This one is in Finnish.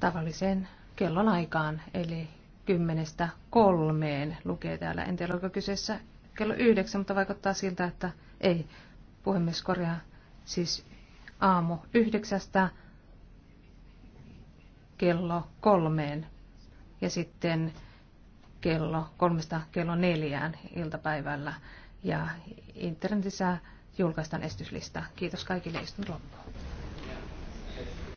tavalliseen kellon aikaan, eli kymmenestä kolmeen lukee täällä. En tiedä, oliko kyseessä kello yhdeksän, mutta vaikuttaa siltä, että ei. Puhemies korjaa siis aamu yhdeksästä kello kolmeen ja sitten kello kolmesta kello neljään iltapäivällä. Ja internetissä julkaistaan estyslista. Kiitos kaikille istunut loppuun.